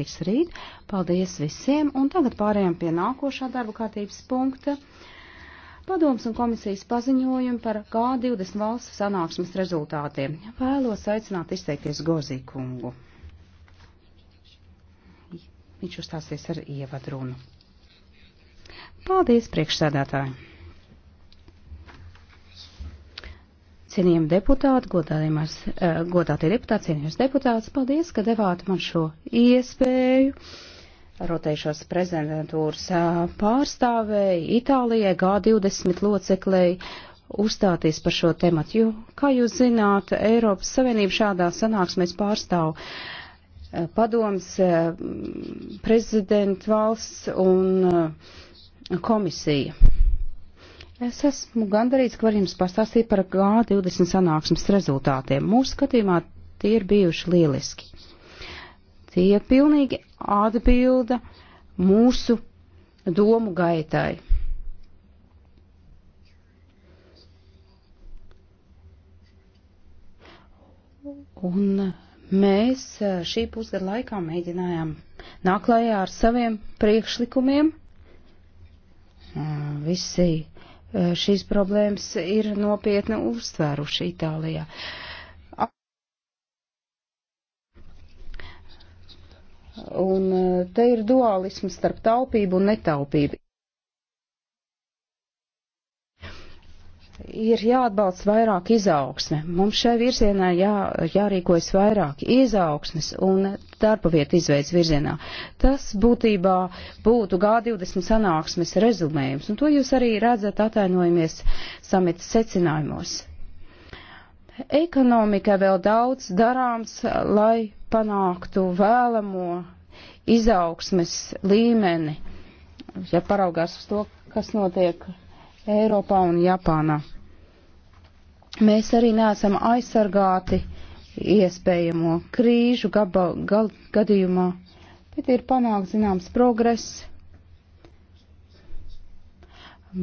tiks rīt. Paldies visiem, un tagad pārējām pie nākošā darba kārtības punkta. Padoms un komisijas paziņojumi par G20 valstu sanāksmes rezultātiem. Vēlos aicināt izteikties Gozī kungu. Viņš uzstāsies ar ievadrunu. Paldies, priekšsēdētāji! Cienījami deputāti, godātie eh, deputāti, cienījams deputāts, paldies, ka devāt man šo iespēju. Rotējušos prezidentūras eh, pārstāvēji Itālijai G20 loceklēji uzstāties par šo tematu, jo, kā jūs zināt, Eiropas Savienība šādā sanāksmēs pārstāv eh, padoms prezidentu valsts un komisija. Es esmu gandarīts, ka var jums pastāstīt par G20 sanāksmes rezultātiem. Mūsu skatījumā tie ir bijuši lieliski. Tie pilnīgi atbilda mūsu domu gaitai. Un mēs eh, šī pusgada laikā mēģinājām nākt klajā ar saviem priekšlikumiem. Mm, visi šīs problēmas ir nopietni uztvēruši Itālijā. Un te ir dualisms starp taupību un netaupību. ir jāatbalsta vairāk izaugsme. Mums šai virzienā jā, jārīkojas vairāk izaugsmes un darba vietu izveids virzienā. Tas būtībā būtu G20 sanāksmes rezumējums, un to jūs arī redzat atainojamies samita secinājumos. Ekonomikā vēl daudz darāms, lai panāktu vēlamo izaugsmes līmeni, ja paraugās uz to, kas notiek Eiropā un Japānā. Mēs arī neesam aizsargāti iespējamo krīžu gaba, gal, gadījumā, bet ir panākt zināms progress.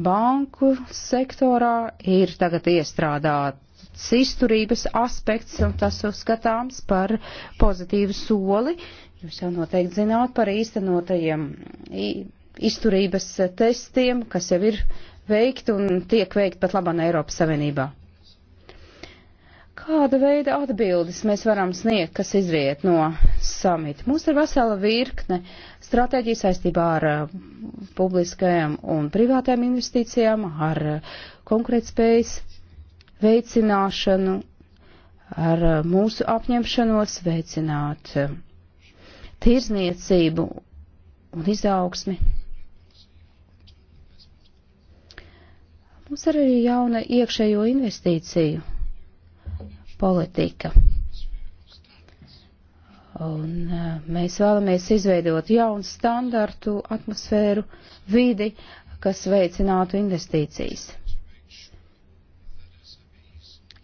Banku sektorā ir tagad iestrādāt tāds izturības aspekts, un tas uzskatāms par pozitīvu soli. Jūs jau noteikti zināt par īstenotajiem izturības testiem, kas jau ir veikt un tiek veikt pat labāk Eiropas Savienībā. Kāda veida atbildes mēs varam sniegt, kas izriet no samita? Mums ir vesela virkne stratēģija saistībā ar uh, publiskajām un privātajām investīcijām, ar uh, konkurētspējas veicināšanu, ar uh, mūsu apņemšanos veicināt uh, tirzniecību un izaugsmi Mums ir arī jauna iekšējo investīciju politika. Un eh, mēs vēlamies izveidot jaunu standartu, atmosfēru, vidi, kas veicinātu investīcijas.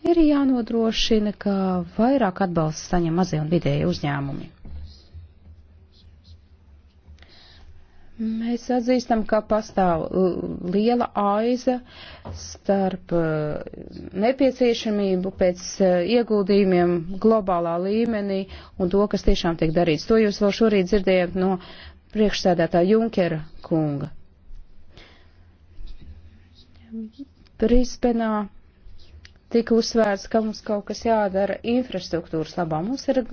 Ir jānodrošina, ka vairāk atbalsts saņem mazie un vidēji uzņēmumi. Mēs atzīstam, ka pastāv uh, liela aiza starp uh, nepieciešamību pēc uh, ieguldījumiem globālā līmenī un to, kas tiešām tiek darīts. To jūs vēl šorīt dzirdējat no priekšsēdētā Junkera kunga. Brisbenā tika uzsvērts, ka mums kaut kas jādara infrastruktūras labā. Mums ir,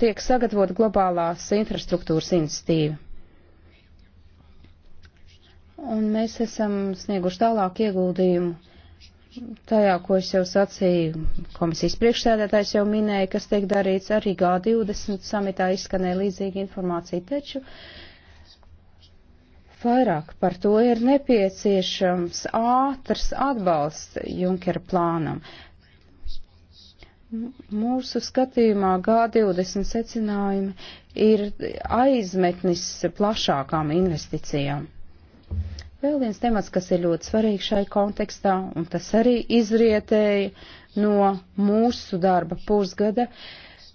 tiek sagatavot globālās infrastruktūras institīva Un mēs esam snieguši tālāk ieguldījumu tajā, ko es jau sacīju, komisijas priekšsēdētājs jau minēja, kas tiek darīts arī G20 samitā izskanēja līdzīga informācija, taču vairāk par to ir nepieciešams ātrs atbalsts Junkera plānam. M mūsu skatījumā G20 secinājumi ir aizmetnis plašākām investicijām. Vēl viens temats, kas ir ļoti svarīgs šai kontekstā, un tas arī izrietēja no mūsu darba pusgada,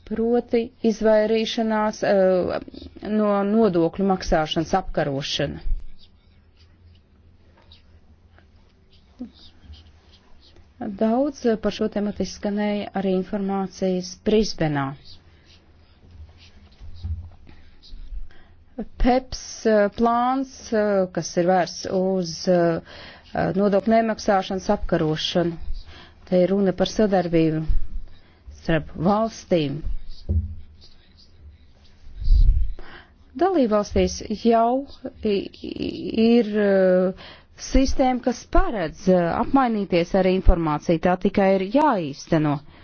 proti izvairīšanās uh, no nodokļu maksāšanas apkarošana. Daudz par šo tematu izskanēja arī informācijas Brisbenā. PEPS eh, plāns, eh, kas ir vērsts uz eh, nodokļu nemaksāšanas apkarošanu. Te ir runa par sadarbību starp valstīm. Dalībvalstīs jau ir sistēma, kas paredz apmainīties ar informāciju, tā tikai ir jāīsteno. No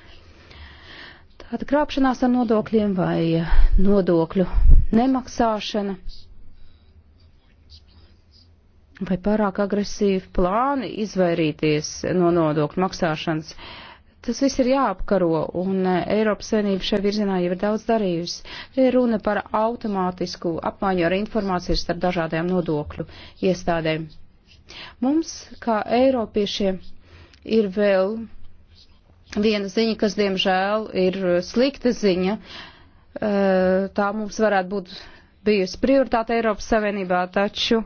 Tāda krāpšanās ar nodokļiem vai nodokļu nemaksāšana vai pārāk agresīvi plāni izvairīties no nodokļu maksāšanas. Tas viss ir jāapkaro, un e, Eiropas Savienība šajā virzienā jau ir daudz darījusi. Te ir runa par automātisku apmaiņu ar informāciju starp dažādajām nodokļu iestādēm. Mums, kā Eiropiešiem, ir vēl viena ziņa, kas diemžēl ir uh, slikta ziņa. Uh, tā mums varētu būt bijusi prioritāte Eiropas Savienībā, taču,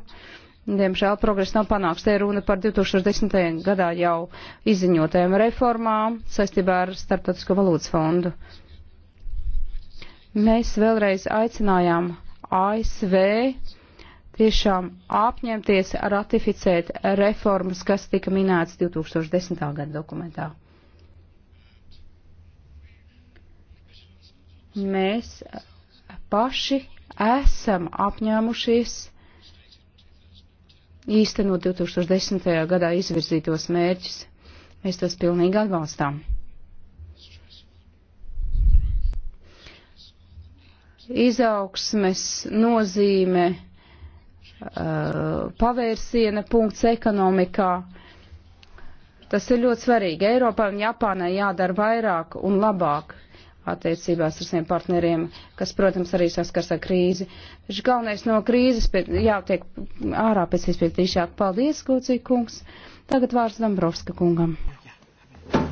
diemžēl, progress nav panāks. Te ir runa par 2010. gadā jau izziņotajām reformām saistībā ar Startautisko valūtas fondu. Mēs vēlreiz aicinājām ASV tiešām apņemties ratificēt reformas, kas tika minētas 2010. gada dokumentā. mēs paši esam apņēmušies īstenot 2010. gadā izvirzītos mērķus. Mēs tos pilnīgi atbalstām. Izaugsmes nozīme, uh, pavērsiena punkts ekonomikā. Tas ir ļoti svarīgi. Eiropā un Japānai jādara vairāk un labāk attiecībās ar saviem partneriem, kas, protams, arī saskars ar krīzi. Taču galvenais no krīzes jātiek ārā pēc iespējas tīšāk. Paldies, Gocī kungs. Tagad vārds Dombrovska kungam.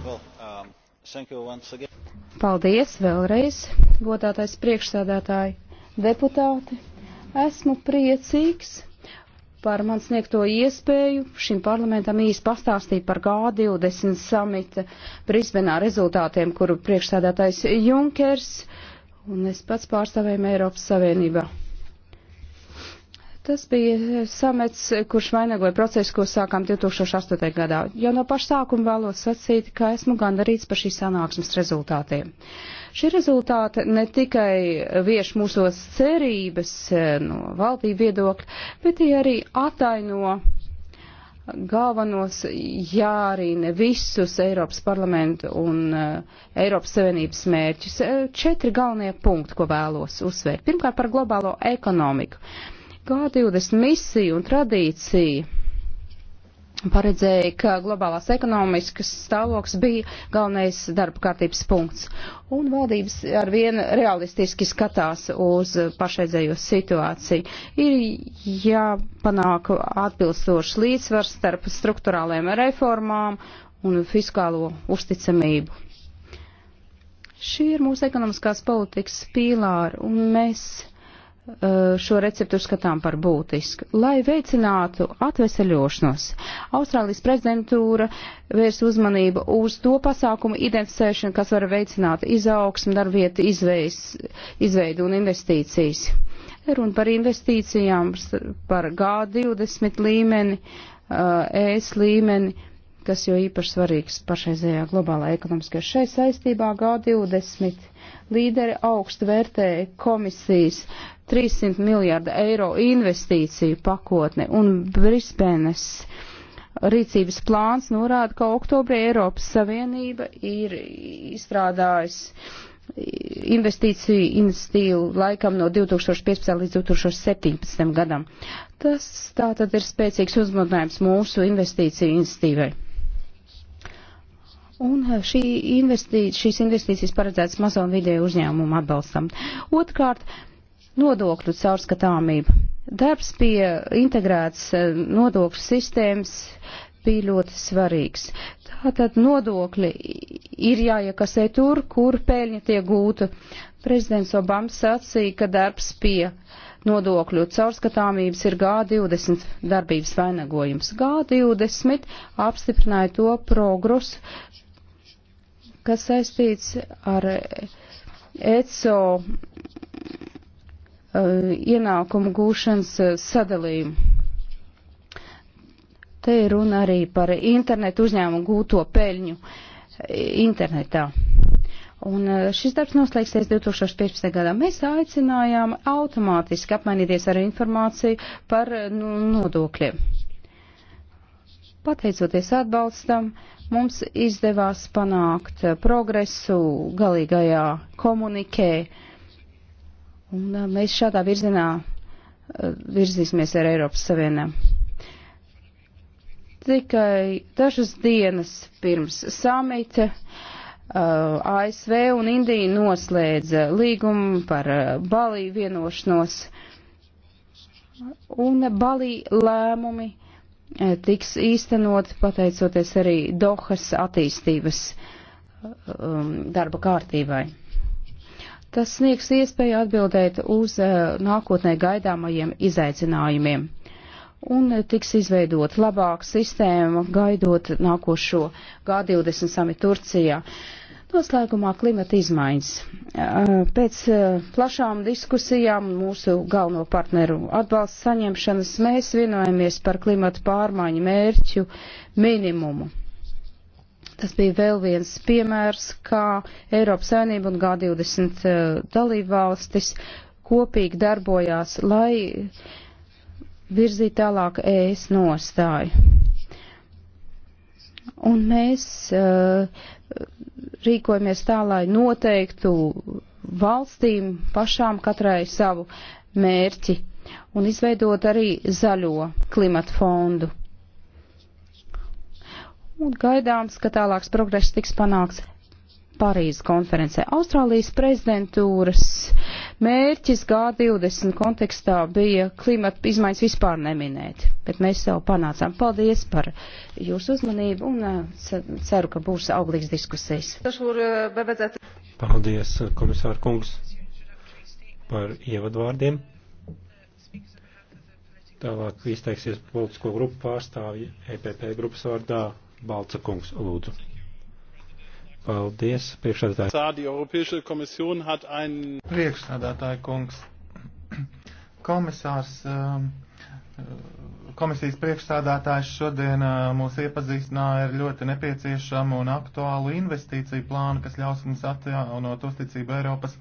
Well, um, Paldies vēlreiz, godātais priekšsēdētāji, deputāti. Esmu priecīgs par man sniegto iespēju šim parlamentam īsti pastāstīt par G20 samita Brisbenā rezultātiem, kuru priekšsēdētājs Junkers un es pats pārstāvējumu Eiropas Savienībā. Tas bija samets, kurš vainagoja procesu, ko sākām 2008. gadā. Jau no paša sākuma vēlos sacīt, ka esmu gandarīts par šīs sanāksmes rezultātiem. Šie rezultāti ne tikai vieš mūsos cerības eh, no valdību viedokļa, bet tie arī ataino galvenos jārīne visus Eiropas parlamentu un uh, Eiropas Savienības mērķus. Eh, četri galvenie punkti, ko vēlos uzsvērt. Pirmkārt par globālo ekonomiku. Uh, G20 misija un tradīcija paredzēja, ka globālās ekonomiskas stāvoklis bija galvenais darba kārtības punkts. Un valdības ar vienu realistiski skatās uz pašreizējo situāciju. Ir jāpanāk atbilstošs līdzsvars starp struktūrālajām reformām un fiskālo uzticamību. Šī ir mūsu ekonomiskās politikas pīlāra, un mēs Eh, šo receptu uzskatām par būtisku, lai veicinātu atveseļošanos. Austrālijas prezidentūra vērs uzmanību uz to pasākumu identificēšanu, kas var veicināt izaugsmu, darbvietu izveidu un investīcijas. Runa par investīcijām, par G20 līmeni, ES eh, e līmeni, kas jo īpaši svarīgs pašreizējā globālā ekonomiskajā šai saistībā G20 līderi augstu vērtēja komisijas uh, 300 miljārdu eiro investīciju pakotne un Brisbenes rīcības plāns norāda, ka oktobrī Eiropas Savienība ir izstrādājusi investīciju inicitīvu laikam no 2015. līdz 2017. gadam. Tas tātad ir spēcīgs uzmodinājums mūsu investīciju inicitīvai. Un šī investī, šīs investīcijas paredzētas mazo un vidēju uzņēmumu atbalstam. Otkārt, Nodokļu caurskatāmība. Darbs pie integrētas eh, nodokļu sistēmas bija ļoti svarīgs. Tātad nodokļi ir jāiekasē tur, kur pēļņa tiek gūta. Prezidents Obama sacīja, ka darbs pie nodokļu caurskatāmības ir G20 darbības vainagojums. G20 apstiprināja to progresu, kas saistīts ar ECO Eh, ienākumu gūšanas eh, sadalījumu. Te ir runa arī par internetu uzņēmumu gūto peļņu eh, internetā. Un šis darbs noslēgsies 2015. gadā. Mēs aicinājām automātiski apmainīties ar informāciju par nu, nodokļiem. Pateicoties atbalstam, mums izdevās panākt progresu galīgajā komunikē Un mēs šādā virzienā virzīsimies ar Eiropas Savienību. Tikai dažas dienas pirms samita ASV un Indija noslēdza līgumu par Baliju vienošanos, un Baliju lēmumi tiks īstenot pateicoties arī Dohas attīstības darba kārtībai. Tas sniegs iespēju atbildēt uz eh, nākotnē gaidāmajiem izaicinājumiem un eh, tiks izveidot labāka sistēma, gaidot nākošo G20 samitu Turcijā. Noslēgumā klimata izmaiņas. Eh, pēc plašām diskusijām mūsu galveno partneru atbalsta saņemšanas mēs vienojamies par klimata pārmaiņu mērķu minimumu. Tas bija vēl viens piemērs, kā Eiropas Savienība un G20 eh, dalībvalstis kopīgi darbojās, lai virzītu tālāk ES nostāju. Un mēs uh, rīkojamies tā, lai noteiktu valstīm pašām katrai savu mērķi un izveidot arī zaļo klimatu fondu un gaidāms, ka tālāks progress tiks panāks Parīzes konferencē. Austrālijas prezidentūras mērķis G20 kontekstā bija klimata izmaiņas vispār neminēt, bet mēs jau panācām. Paldies par jūsu uzmanību un uh, ceru, ka būs auglīgas diskusijas. Paldies, uh, komisāra kungs, par ievadvārdiem. Tālāk izteiksies politisko grupu pārstāvji EPP grupas vārdā Balca kungs, lūdzu. Paldies, priekšsēdētāji. Priekšsēdētāji kungs, komisārs, um, komisijas priekšsēdētājs šodien uh, mūs iepazīstināja ar ļoti nepieciešamu un aktuālu investīciju plānu, kas ļaus mums atjaunot uzticību Eiropas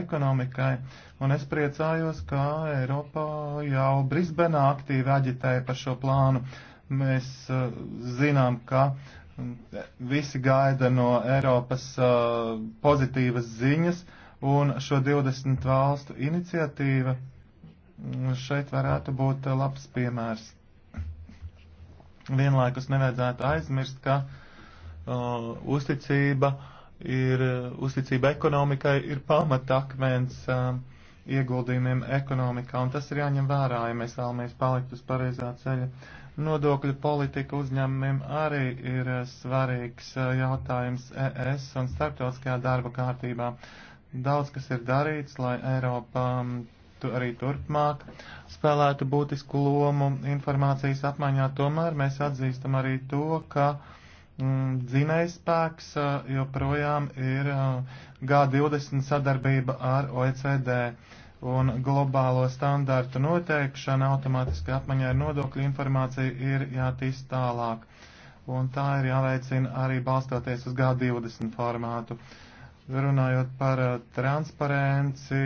ekonomikai. Un es priecājos, ka Eiropā jau Brisbenā aktīvi aģitēja par šo plānu. Mēs uh, zinām, ka mm, visi gaida no Eiropas uh, pozitīvas ziņas, un šo 20 valstu iniciatīva mm, šeit varētu būt uh, labs piemērs. Vienlaikus nevajadzētu aizmirst, ka uh, uzticība ir, uzticība ekonomikai ir pamatakmens uh, ieguldījumiem ekonomikā, un tas ir jāņem vērā, ja mēs vēlamies palikt uz pareizā ceļa. Uh, Nodokļu politika uzņēmumiem arī ir eh, svarīgs eh, jautājums ES un starptautiskajā darba kārtībā. Daudz kas ir darīts, lai Eiropa mm, tu arī turpmāk spēlētu būtisku lomu informācijas apmaiņā. Tomēr mēs atzīstam arī to, ka mm, dzinējspēks eh, joprojām ir G20 sadarbība ar OECD. Uh, un globālo standārtu noteikšana automātiski apmaņā ar nodokļu informāciju ir jātīst tālāk. Un tā ir jāveicina arī balstoties uz G20 formātu. Runājot par eh, transparenci,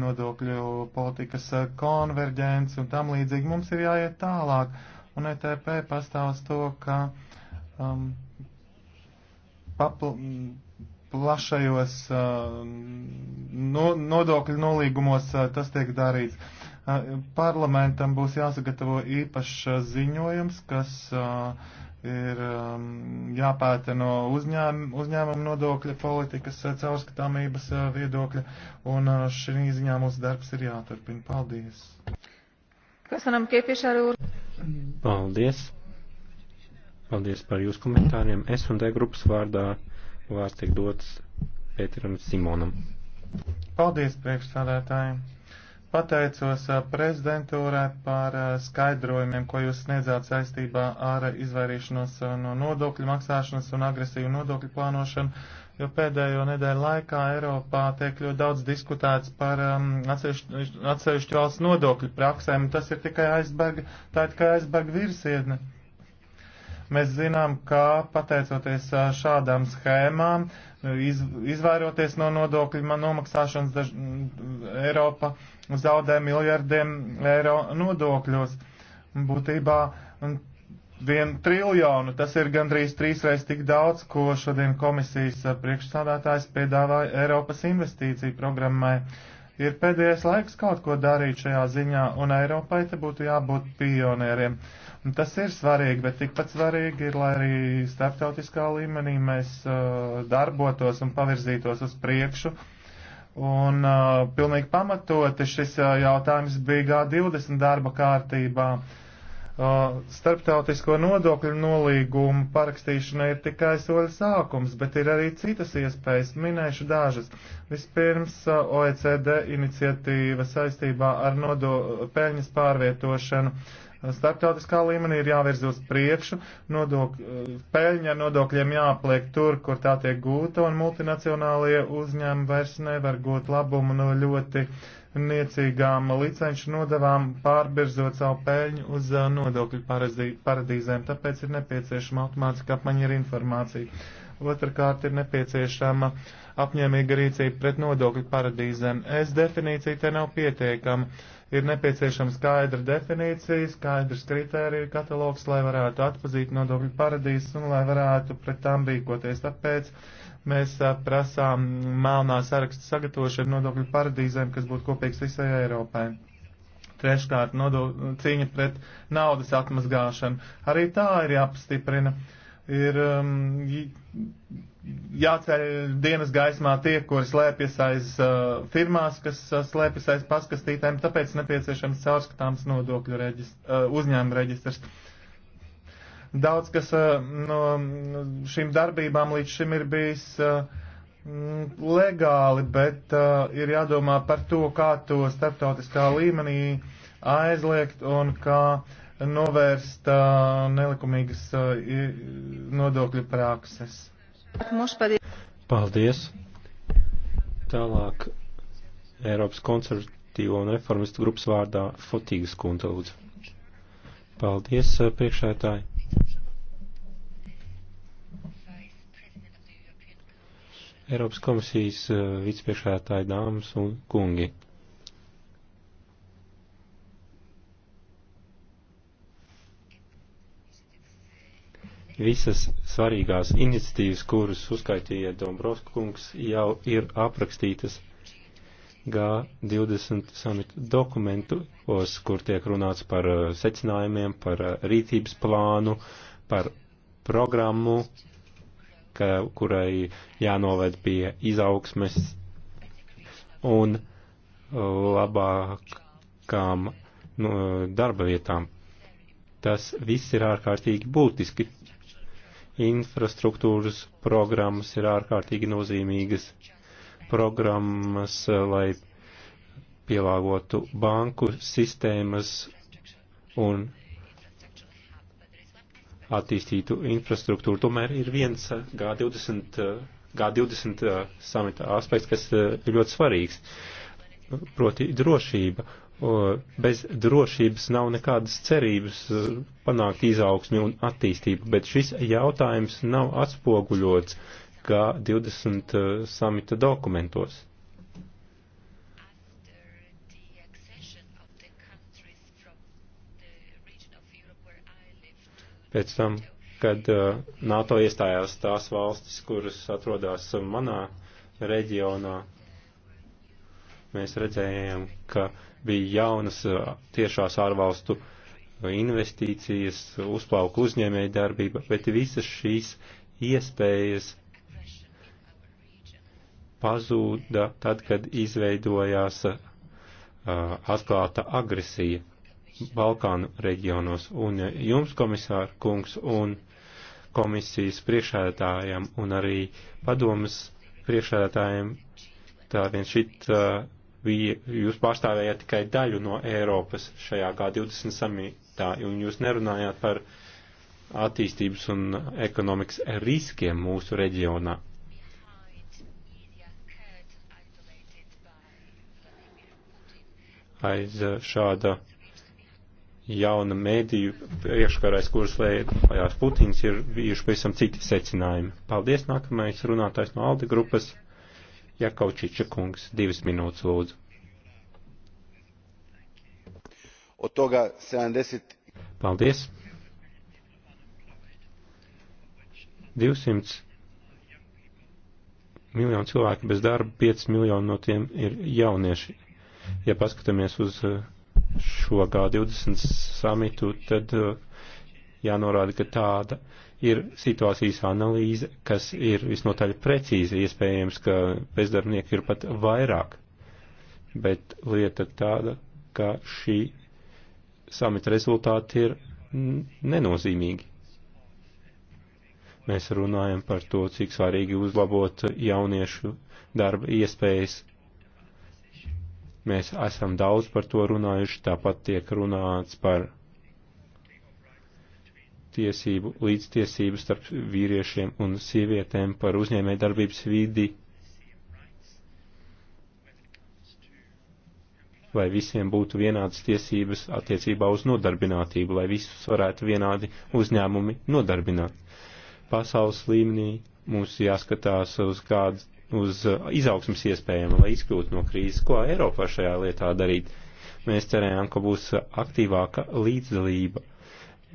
nodokļu politikas eh, konverģenci un tam līdzīgi, mums ir jāiet tālāk. Un ETP pastāv uz to, ka um, papl plašajos um, no, nodokļu nolīgumos uh, tas tiek darīts. Uh, parlamentam būs jāsagatavo īpašs uh, ziņojums, kas ir um, jāpēta no uzņēm, uzņēmuma nodokļa politikas caurskatāmības viedokļa, un šī ziņā mūsu darbs ir jāturpina. Paldies! Köszönöm képviselő úr! Paldies! Paldies par jūsu komentāriem. S un D grupas vārdā vārds tiek dots Pēteram Simonam. Paldies priekšsādātājiem! Pateicos prezidentūrē par skaidrojumiem, ko jūs sniedzāt saistībā ar izvairīšanos no nodokļu maksāšanas un agresīvu nodokļu plānošanu, jo pēdējo nedēļu laikā Eiropā tiek ļoti daudz diskutēts par um, atsevišķu valsts nodokļu praksēm, un tas ir tikai aizberga, tā ir tikai aizberga virsiedne. Mēs zinām, ka pateicoties šādām schēmām, nu, iz, izvairoties no nodokļu nomaksāšanas, daž, Eiropa zaudē miljardiem eiro nodokļos. Būtībā vienu triljonu, tas ir gandrīz trīsreiz tik daudz, ko šodien komisijas priekšsādātājs piedāvāja Eiropas investīciju programmai. Uh, Ir pēdējais laiks kaut ko darīt šajā ziņā, un Eiropai te būtu jābūt pionieriem. Tas ir svarīgi, bet tikpat svarīgi ir, lai arī starptautiskā līmenī mēs uh, darbotos un pavirzītos uz priekšu. Un uh, pilnīgi pamatoti šis uh, jautājums bija G20 darba kārtībā. Uh, starptautisko nodokļu nolīgumu parakstīšana ir tikai soļa sākums, bet ir arī citas iespējas, minēšu dažas. Vispirms OECD iniciatīva saistībā ar nodo, peļņas pārvietošanu. Starptautiskā līmenī ir jāvirz uz priekšu, nodok, peļņa ar nodokļiem jāpliek tur, kur tā tiek gūta, un multinacionālie uzņēmumi vairs nevar gūt labumu no ļoti uh, niecīgām licenču nodavām, pārbirzot savu peļņu uz uh, nodokļu paradīzēm, tāpēc ir nepieciešama automātiska apmaiņa ar informāciju. Otrakārt ir nepieciešama apņēmīga rīcība pret nodokļu paradīzēm. Es definīcija te nav pietiekama. Ir nepieciešama skaidra definīcija, skaidrs kritērija katalogs, lai varētu atpazīt nodokļu paradīzes un lai varētu pret tām rīkoties. Tāpēc Mēs prasām melnā saraksta sagatavošanu nodokļu paradīzēm, kas būtu kopīgs visai Eiropai. Treškārt, nodo, cīņa pret naudas atmazgāšanu. Arī tā ir jāpastiprina. Ir um, jāceļ dienas gaismā tie, kuri slēpjas aiz uh, firmās, kas uh, slēpjas aiz paskastītēm, tāpēc nepieciešams caurskatāms nodokļu reģist, uh, uzņēmuma reģistrs. Uh, Daudz kas eh, no šīm darbībām līdz šim ir bijis eh, legāli, bet eh, ir jādomā par to, kā to starptautiskā līmenī aizliegt un kā novērst nelikumīgas nodokļu prakses. Paldies! Tālāk Eiropas konservatīvo un reformistu grupas vārdā Fotīgas kundze lūdzu. Paldies, priekšētāji! Eiropas komisijas eh, vicepriekšētāji dāmas un kungi. Visas svarīgās iniciatīvas, kuras uzskaitīja Dombrovska kungs, jau ir aprakstītas G20 samita dokumentos, kur tiek runāts par eh, secinājumiem, par eh, rīcības plānu, par programmu, ka, kurai jānoved pie izaugsmes un labākām nu, darba vietām. Tas viss ir ārkārtīgi būtiski. Infrastruktūras programmas ir ārkārtīgi nozīmīgas programmas, lai pielāgotu banku sistēmas un attīstītu infrastruktūru. Tomēr ir viens G20, eh, G20 eh, eh, samita aspekts, kas ir ļoti svarīgs, proti drošība. Bez drošības nav nekādas cerības panākt izaugsmi un attīstību, bet šis jautājums nav atspoguļots G20 samita dokumentos. Pēc tam, kad uh, NATO iestājās tās valstis, kuras atrodās manā reģionā, mēs redzējām, ka bija jaunas uh, tiešās ārvalstu investīcijas, uzplauka uzņēmēja darbība, bet visas šīs iespējas pazūda tad, kad izveidojās uh, atklāta agresija. Balkānu reģionos. Un jums, komisāra kungs, un komisijas priekšēdātājiem un arī padomas priekšēdātājiem, tā vien šit bija, uh, jūs pārstāvējāt tikai daļu no Eiropas šajā G20 samitā, un jūs nerunājāt par attīstības un ekonomikas riskiem mūsu reģionā. Aiz uh, šāda jauna mēdīju iekškarais, kuras lējās Putins, ir bijuši pavisam citi secinājumi. Paldies, nākamais runātājs no Alde grupas, Jakaučiča kungs, divas minūtes lūdzu. Od toga 70. Paldies. 200 miljonu cilvēku bez darba, 5 miljonu no tiem ir jaunieši. Ja paskatāmies uz uh, šo G20 samitu, tad uh, jānorāda, ka tāda ir situācijas analīze, kas ir visnotaļ precīzi iespējams, ka bezdarbnieku ir pat vairāk. Bet lieta tāda, ka šī samita rezultāti ir nenozīmīgi. Mēs runājam par to, cik svarīgi uzlabot jauniešu darba iespējas Mēs esam daudz par to runājuši, tāpat tiek runāts par tiesību, līdztiesību starp vīriešiem un sievietēm, par uzņēmē darbības vidi, lai visiem būtu vienādas tiesības attiecībā uz nodarbinātību, lai visus varētu vienādi uzņēmumi nodarbināt. Pasaules līmenī mums jāskatās uz kādu uz uh, izaugsmas iespējām, lai izkļūtu no krīzes. Ko Eiropa var šajā lietā darīt? Mēs cerējām, ka būs uh, aktīvāka līdzdalība.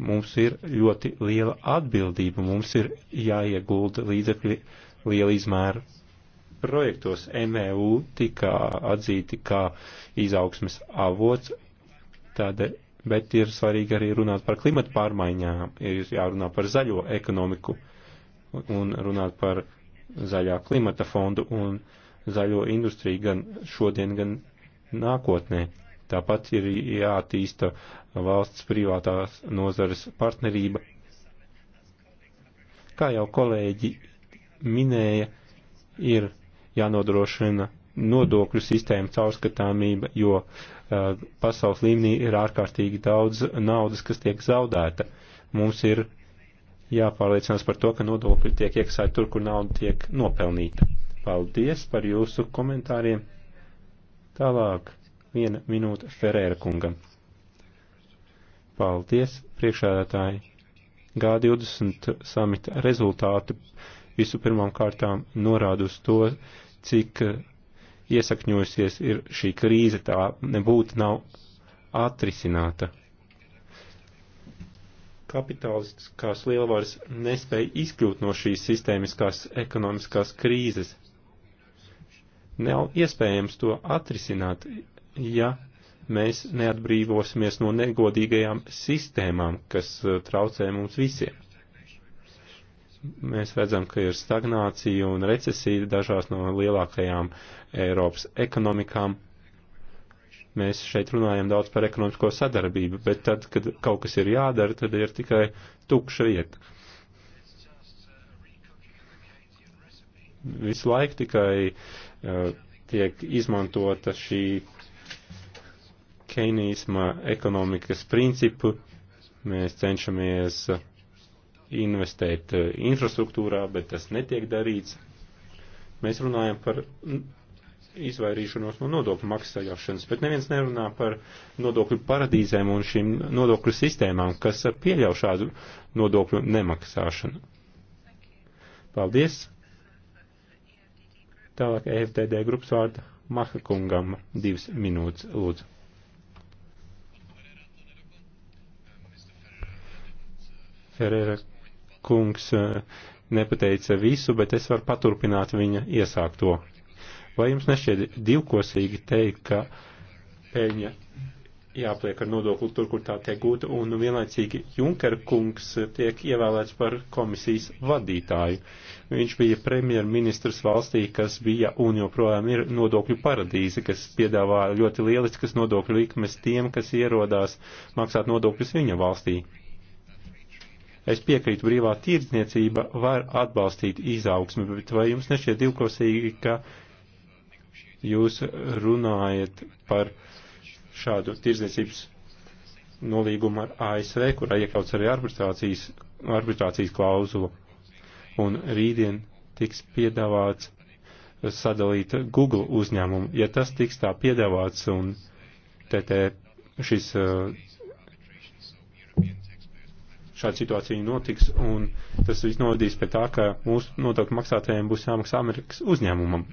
Mums ir ļoti liela atbildība, mums ir jāiegulda līdzekļi liela izmēra projektos. MEU tika atzīti kā izaugsmas avots, tādēļ, bet ir svarīgi arī runāt par klimatu pārmaiņām, ir jārunā par zaļo ekonomiku un runāt par zaļā klimata fondu un zaļo industriju gan šodien, gan nākotnē. Tāpat ir jātīsta valsts privātās nozares partnerība. Kā jau kolēģi minēja, ir jānodrošina nodokļu sistēma caurskatāmība, jo uh, pasaules līmenī ir ārkārtīgi daudz naudas, kas tiek zaudēta. Mums ir jāpārliecinās par to, ka nodokļi tiek iekasēti tur, kur nauda tiek nopelnīta. Paldies par jūsu komentāriem. Tālāk viena minūte Ferēra kungam. Paldies, priekšēdētāji. G20 samita rezultāti visu pirmām kārtām norāda uz to, cik iesakņojusies ir šī krīze, tā nebūtu nav atrisināta. Kapitālistiskās lielvaras nespēja izkļūt no šīs sistēmiskās ekonomiskās krīzes. Nav iespējams to atrisināt, ja mēs neatbrīvosimies no negodīgajām sistēmām, kas eh, traucē mums visiem mēs redzam, ka ir stagnācija un recesija dažās no lielākajām Eiropas ekonomikām. Mēs šeit runājam daudz par ekonomisko sadarbību, bet tad, kad kaut kas ir jādara, tad ir tikai tukša vieta. Visu laiku tikai uh, tiek izmantota šī keinisma ekonomikas principu. Mēs cenšamies investēt uh, infrastruktūrā, bet tas netiek darīts. Mēs runājam par izvairīšanos no nodokļu maksājošanas, bet neviens nerunā par nodokļu paradīzēm un šīm nodokļu sistēmām, kas pieļauj šādu nodokļu nemaksāšanu. Paldies! Tālāk EFTD grupas vārda Maha kungam divas minūtes lūdzu. Ferēra kungs eh, nepateica visu, bet es varu paturpināt viņa iesākto Vai jums nešķiet divkosīgi teikt, ka peļņa jāpliek ar nodokli tur, kur tā tiek gūta, un vienlaicīgi Junker kungs tiek ievēlēts par komisijas vadītāju. Viņš bija premjerministrs valstī, kas bija un joprojām ir nodokļu paradīze, kas piedāvā ļoti lieliskas nodokļu likmes tiem, kas ierodās maksāt nodokļus viņa valstī. Es piekrītu, brīvā tirdzniecība var atbalstīt izaugsmi, bet vai jums nešķiet divkosīgi, ka jūs runājat par šādu tirdzniecības nolīgumu ar ASV, kurā iekauts arī arbitrācijas, arbitrācijas klauzula. Un rītdien tiks piedāvāts sadalīt Google uzņēmumu. Ja tas tiks tā piedāvāts un TT šis eh, šāda situācija notiks un tas viss novadīs pie tā, ka mūsu nodokļu maksātājiem būs jāmaksā Amerikas uzņēmumam.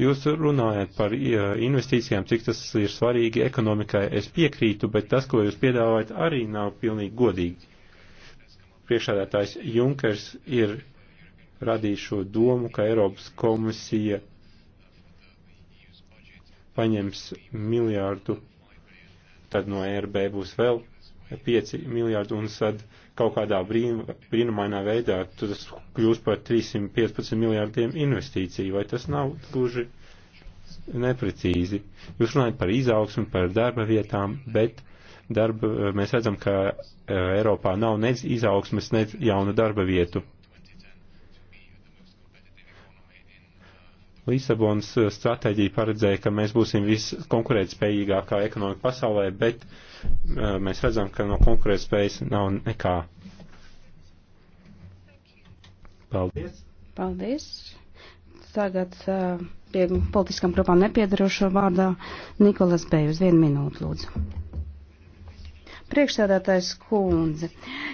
Jūs runājat par investīcijām, cik tas ir svarīgi ekonomikai. Es piekrītu, bet tas, ko jūs piedāvājat, arī nav pilnīgi godīgi. Priekšādātājs Junkers ir radījis šo domu, ka Eiropas komisija paņems miljārdu, tad no ERB būs vēl 5 miljārdi un tad kaut kādā brīn, brīnumainā veidā tas kļūst par 315 miljārdiem investīciju. Vai tas nav gluži neprecīzi? Jūs runājat par izaugsmu, par darba vietām, bet darba, mēs redzam, ka e, Eiropā nav nec izaugsmes, nec jauna darba vietu. Lisabonas uh, stratēģija paredzēja, ka mēs būsim viskonkurētspējīgākā ekonomika pasaulē, bet uh, mēs redzam, ka no konkurētspējas nav nekā. Paldies! Paldies! Tagad uh, pie politiskām grupām nepiedarošo vārdā Nikolas Bēj uz vienu minūtu lūdzu. Priekšsēdētais kundze.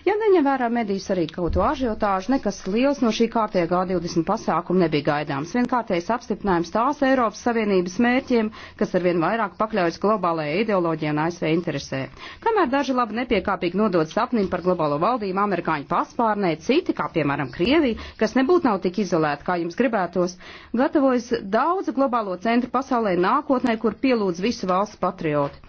Ja neņem vērā medijas arī kaut ko ažiotāžu, nekas liels no šī kārtējā 20 pasākuma nebija gaidāms. Vienkārtējs apstiprinājums tās Eiropas Savienības mērķiem, kas arvien vairāk pakļaujas globālajai ideoloģijai un ASV interesē. Kamēr daži labi nepiekāpīgi nodod sapnim par globālo valdību amerikāņu paspārnē, citi, kā piemēram Krievija, kas nebūtu nav tik izolēta, kā jums gribētos, gatavojas daudzu globālo centru pasaulē nākotnē, kur pielūdz visu valsts patrioti.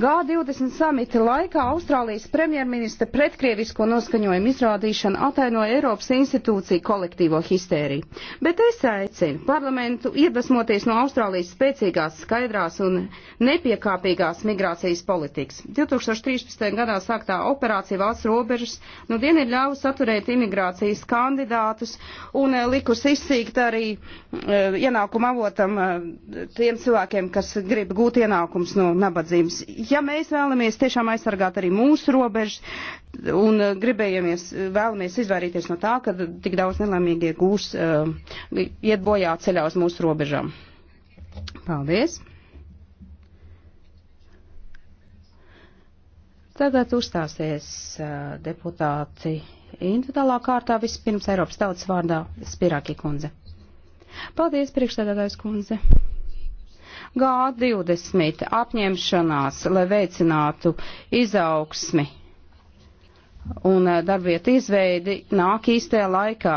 G20 samita laikā Austrālijas premjerministra pretkrievisko noskaņojumu izrādīšana atainoja Eiropas institūciju kolektīvo histēriju. Bet es aicinu parlamentu iedvesmoties no Austrālijas spēcīgās, skaidrās un nepiekāpīgās migrācijas politikas. 2013. gadā sāktā operācija valsts robežas no nu dienu ir ļāvusi atturēt imigrācijas kandidātus un eh, likus izsīkt arī uh, ienākuma avotam uh, tiem cilvēkiem, kas grib gūt ienākums no nabadzības ja mēs vēlamies tiešām aizsargāt arī mūsu robežas un eh, gribējamies, eh, vēlamies izvairīties no tā, ka tik daudz nelēmīgie gūs, eh, iet bojā ceļā uz mūsu robežām. Paldies! Tagad uzstāsies uh, deputāti individuālā kārtā vispirms Eiropas tautas vārdā Spirāki kundze. Paldies, priekšstādātājs kundze! G20 apņemšanās, lai veicinātu izaugsmi un eh, darbvietu izveidi nāk īstajā laikā.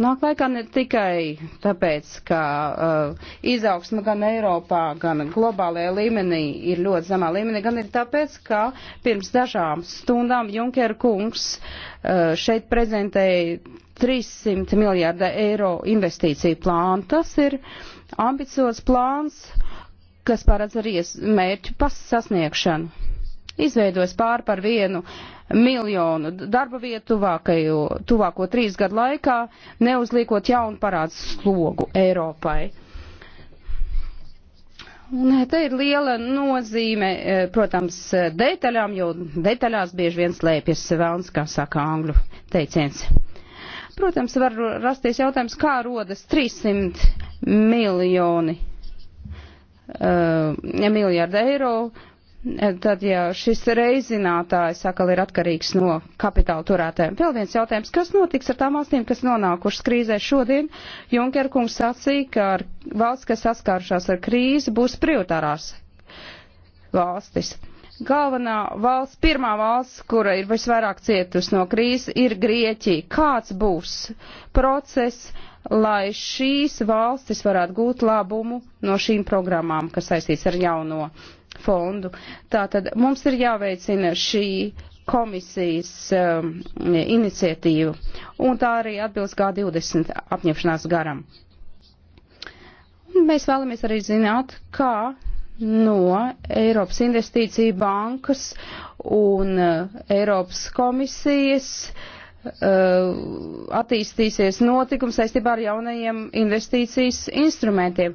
Nāk laikā ne tikai tāpēc, ka uh, izaugsme gan Eiropā, gan globālajā līmenī ir ļoti zemā līmenī, gan ir tāpēc, ka pirms dažām stundām Junker kungs uh, šeit prezentēja 300 miljārda eiro investīciju plānu. Tas ir ambiciots plāns, kas paredz arī mērķu sasniegšanu. Izveidojas pār par vienu miljonu darba vietu tuvākajo, tuvāko trīs gadu laikā, neuzliekot jaunu parādu slogu Eiropai. Un eh, te ir liela nozīme, eh, protams, eh, detaļām, jo detaļās bieži vien slēpjas vēlns, kā saka angļu teiciens. Protams, var rasties jautājums, kā rodas 300 miljoni uh, miljārdu eiro, tad, ja šis reizinātājs atkal ir atkarīgs no kapitāla turētājiem. Vēl viens jautājums, kas notiks ar tām valstīm, kas nonākušas krīzē šodien? Junker kungs sacīja, ka ar valsts, kas saskāršās ar krīzi, būs prioritārās valstis. Galvenā valsts, pirmā valsts, kura ir visvairāk cietusi no krīzes, ir Grieķija. Kāds būs process? lai šīs valstis varētu gūt labumu no šīm programmām, kas saistīts ar jauno fondu. Tātad mums ir jāveicina šī komisijas um, iniciatīva, un tā arī atbilst G20 apņemšanās garam. Mēs vēlamies arī zināt, kā no Eiropas investīcija bankas un uh, Eiropas komisijas uh, Uh, attīstīsies notikums saistībā ar jaunajiem investīcijas instrumentiem.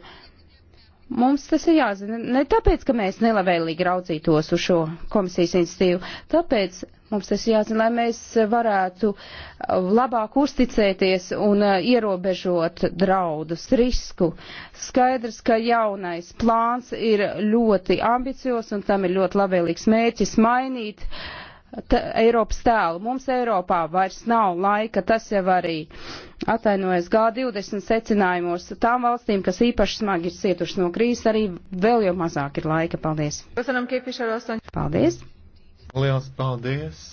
Mums tas ir jāzina ne tāpēc, ka mēs nelabvēlīgi raudzītos uz šo komisijas institīvu, tāpēc mums tas ir jāzina, lai mēs varētu labāk uzticēties un uh, ierobežot draudus, risku. Skaidrs, ka jaunais plāns ir ļoti ambicios un tam ir ļoti labvēlīgs mērķis mainīt uh, Eiropas tēlu. Mums Eiropā vairs nav laika, tas jau arī atainojas G20 secinājumos. Tām valstīm, kas īpaši smagi ir cietušas no krīzes, arī vēl jau mazāk ir laika. Paldies! Paldies! Liels paldies!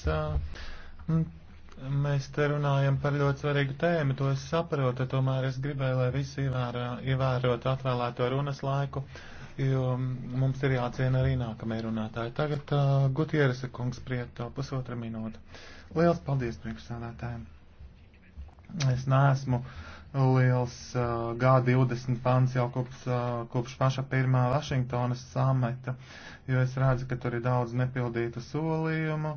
Mēs te runājam par ļoti svarīgu tēmu, to es saprotu, tomēr es gribēju, lai visi ievērā, ievērotu atvēlēto runas laiku jo mums ir jāciena arī nākamie runātāji. Tagad uh, Gutierese kungs priet uh, pusotra minūte. Liels paldies priekšsādātājiem. Es neesmu liels uh, G20 fans jau kopš, uh, kopš paša pirmā Vašingtonas sameta, jo es redzu, ka tur ir daudz nepildītu solījumu,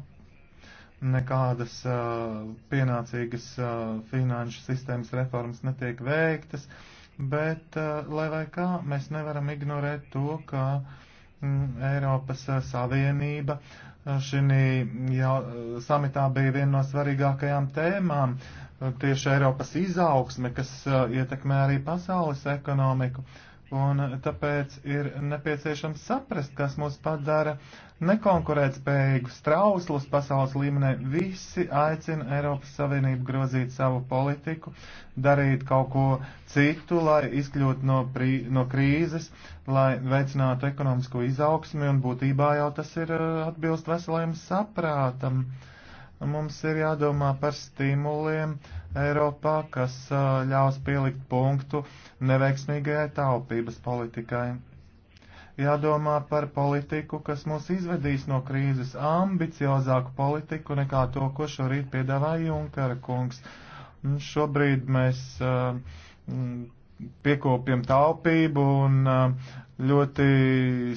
nekādas uh, pienācīgas uh, finanšu sistēmas reformas netiek veiktas. Uh, bet eh, lai vai kā mēs nevaram ignorēt to, ka mm, Eiropas eh, Savienība eh, šī ja, samitā bija viena no svarīgākajām tēmām tieši Eiropas izaugsme, kas ietekmē arī pasaules ekonomiku. Un tāpēc ir nepieciešams saprast, kas mūs padara nekonkurētspējīgu trauslus pasaules līmenī. Visi aicina Eiropas Savienību grozīt savu politiku, darīt kaut ko citu, lai izkļūtu no, prī, no krīzes, lai veicinātu ekonomisko izaugsmi, un būtībā jau tas ir eh, atbilst veselajam saprātam. Uh, Mums ir jādomā par stimuliem Eiropā, kas ļaus pielikt punktu neveiksmīgajai taupības politikai. Jādomā par politiku, kas mūs izvedīs no krīzes, ambiciozāku politiku nekā to, ko šorīt piedāvāja Junkara kungs. Šobrīd mēs uh, piekopjam taupību un um, ļoti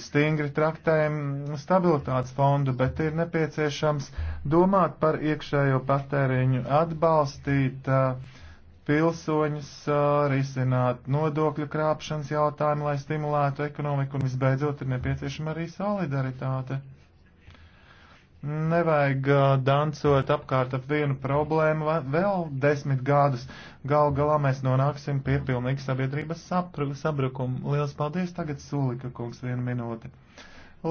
stingri traktējam stabilitātes fondu, bet ir nepieciešams domāt par iekšējo patēriņu, atbalstīt uh, pilsoņus, uh, risināt nodokļu krāpšanas jautājumu, lai stimulētu ekonomiku un visbeidzot ir nepieciešama arī solidaritāte. Nevajag uh, dancot apkārt ap vienu problēmu vēl desmit gadus. Gal galā mēs nonāksim pie pilnīgas sabiedrības sabrukuma. Lielas paldies tagad Sulika kungs vienu minūti.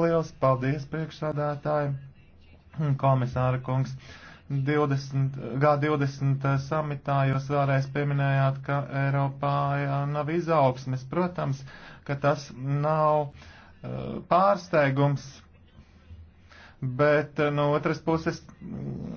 Lielas paldies priekšsādātāji, komisāra kungs. 20, G20 uh, samitā jūs vēlreiz pieminējāt, ka Eiropā uh, nav izaugsmes. Protams, ka tas nav uh, pārsteigums bet eh, no otras puses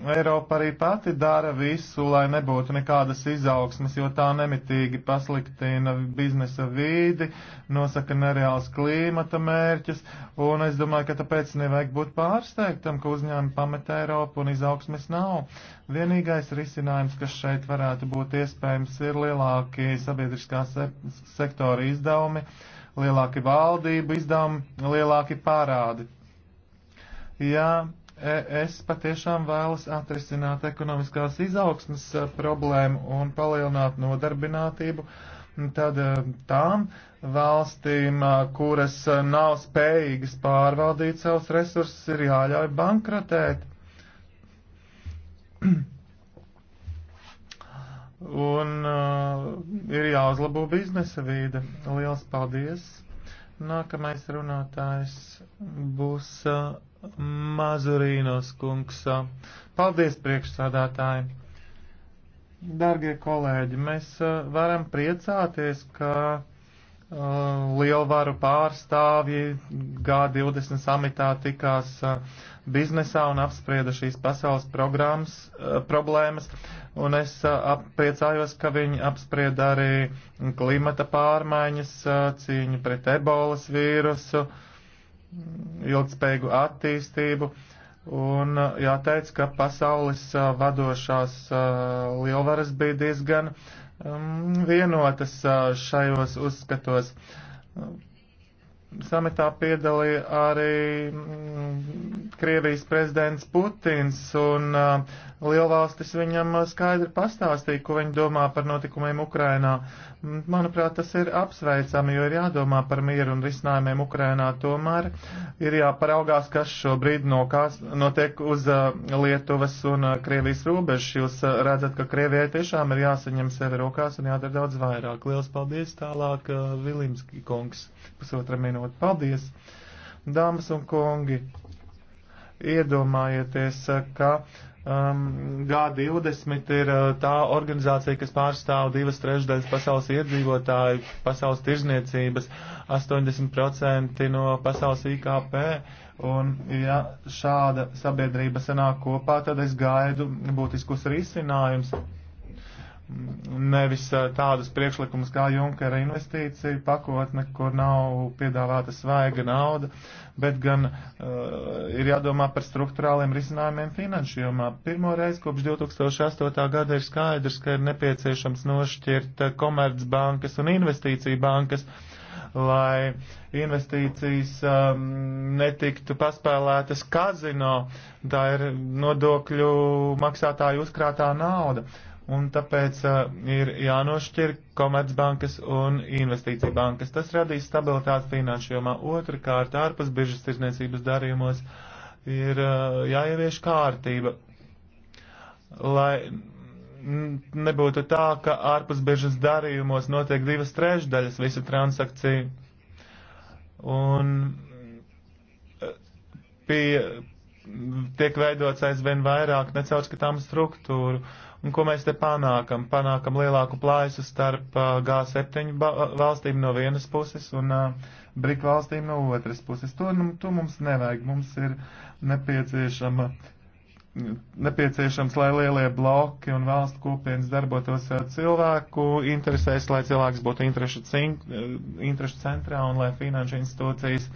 Eiropa arī pati dara visu, lai nebūtu nekādas izaugsmes, jo tā nemitīgi pasliktina biznesa vīdi, nosaka nereāls klīmata mērķus, un es domāju, ka tāpēc nevajag būt pārsteigtam, ka uzņēmumi pamet Eiropu un izaugsmes nav. Vienīgais risinājums, kas šeit varētu būt iespējams, ir lielākie sabiedriskā se sektora izdevumi, lielāki valdību izdevumi, lielāki pārādi ja es patiešām vēlas atrisināt ekonomiskās izaugsmas e, problēmu un palielināt nodarbinātību, tad e, tām valstīm, e, kuras nav spējīgas pārvaldīt savus resursus, ir jāļauj bankrotēt. Un uh, ir jāuzlabo biznesa vīde. Lielas paldies! Nākamais runātājs būs. Uh, Mazurīnos kungs. Paldies, priekšsādātāji! Dargie kolēģi, mēs varam priecāties, ka uh, lielvaru pārstāvji G20 samitā tikās uh, biznesā un apsprieda šīs pasaules programmas, uh, problēmas, un es priecājos, ka viņi apsprieda arī klimata pārmaiņas, cīņu pret ebolas vīrusu, uh, ilgspējīgu attīstību. Un jāteic, ka pasaules vadošās lielvaras bija diezgan vienotas šajos uzskatos sametā piedalīja arī mm, Krievijas prezidents Putins, un uh, lielvalstis viņam uh, skaidri pastāstīja, ko viņi domā par notikumiem Ukrainā. Manuprāt, tas ir apsveicami, jo ir jādomā par mieru un risinājumiem Ukrainā. Tomēr ir jāparaugās, kas šobrīd no kās, notiek uz uh, Lietuvas un Krievijas robežas. Jūs redzat, ka Krievijai tiešām ir jāsaņem sevi rokās un jādara daudz vairāk. Lielas paldies! Tālāk Vilimski kungs, pusotra minūte sagatavot. Paldies! Dāmas un kungi, iedomājieties, ka um, G20 ir uh, tā organizācija, kas pārstāv divas trešdaļas pasaules iedzīvotāju, pasaules tirzniecības, 80% no pasaules IKP. Un, ja šāda sabiedrība sanāk kopā, tad es gaidu būtiskus risinājumus nevis eh, tādus priekšlikumus kā Junkera investīcija pakotne, kur nav piedāvāta svaiga nauda, bet gan uh, ir jādomā par struktūrāliem risinājumiem finanšu jomā. Pirmo reizi kopš 2008. gada ir skaidrs, ka ir nepieciešams nošķirt eh, komercbankas un investīciju bankas, lai investīcijas um, netiktu paspēlētas kazino, tā ir nodokļu maksātāju uzkrātā nauda. Uh, un tāpēc uh, ir jānošķir komercbankas un investīcija bankas. Tas radīs stabilitāti finanšu jomā. Otrakārt, ārpus biržas tirzniecības darījumos ir uh, jāievieš kārtība, lai nebūtu tā, ka ārpus biržas darījumos notiek divas trešdaļas visu transakciju. Un pie, tiek veidots aizvien vairāk necaurskatām struktūru. Un ko mēs te panākam? Panākam lielāku plājusu starp G7 valstīm no vienas puses un BRIK valstīm no otras puses. To, nu, to mums nevajag. Mums ir nepieciešama nepieciešams, lai lielie bloki un valstu kopienas darbotos cilvēku interesēs, lai cilvēks būtu interešu, interešu centrā un lai finanšu institūcijas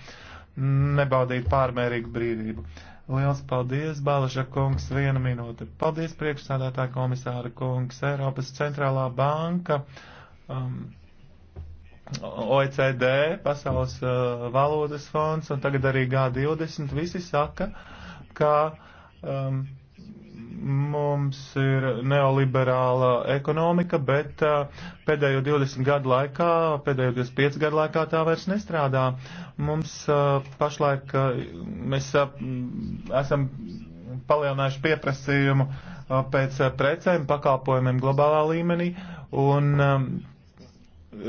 nebaudītu pārmērīgu brīvību. Uh, Liels paldies, Bālaša kungs, viena minūte. Paldies, priekšsādātā komisāra kungs, Eiropas centrālā banka, um, OECD, Pasaules uh, valodas fonds un tagad arī G20. Visi saka, ka um, mums ir neoliberāla ekonomika, bet uh, pēdējo 20 gadu laikā, pēdējo 25 gadu laikā tā vairs nestrādā. Mums uh, pašlaik uh, mēs esam palielinājuši pieprasījumu pēc precēm, pakalpojumiem globālā līmenī un um,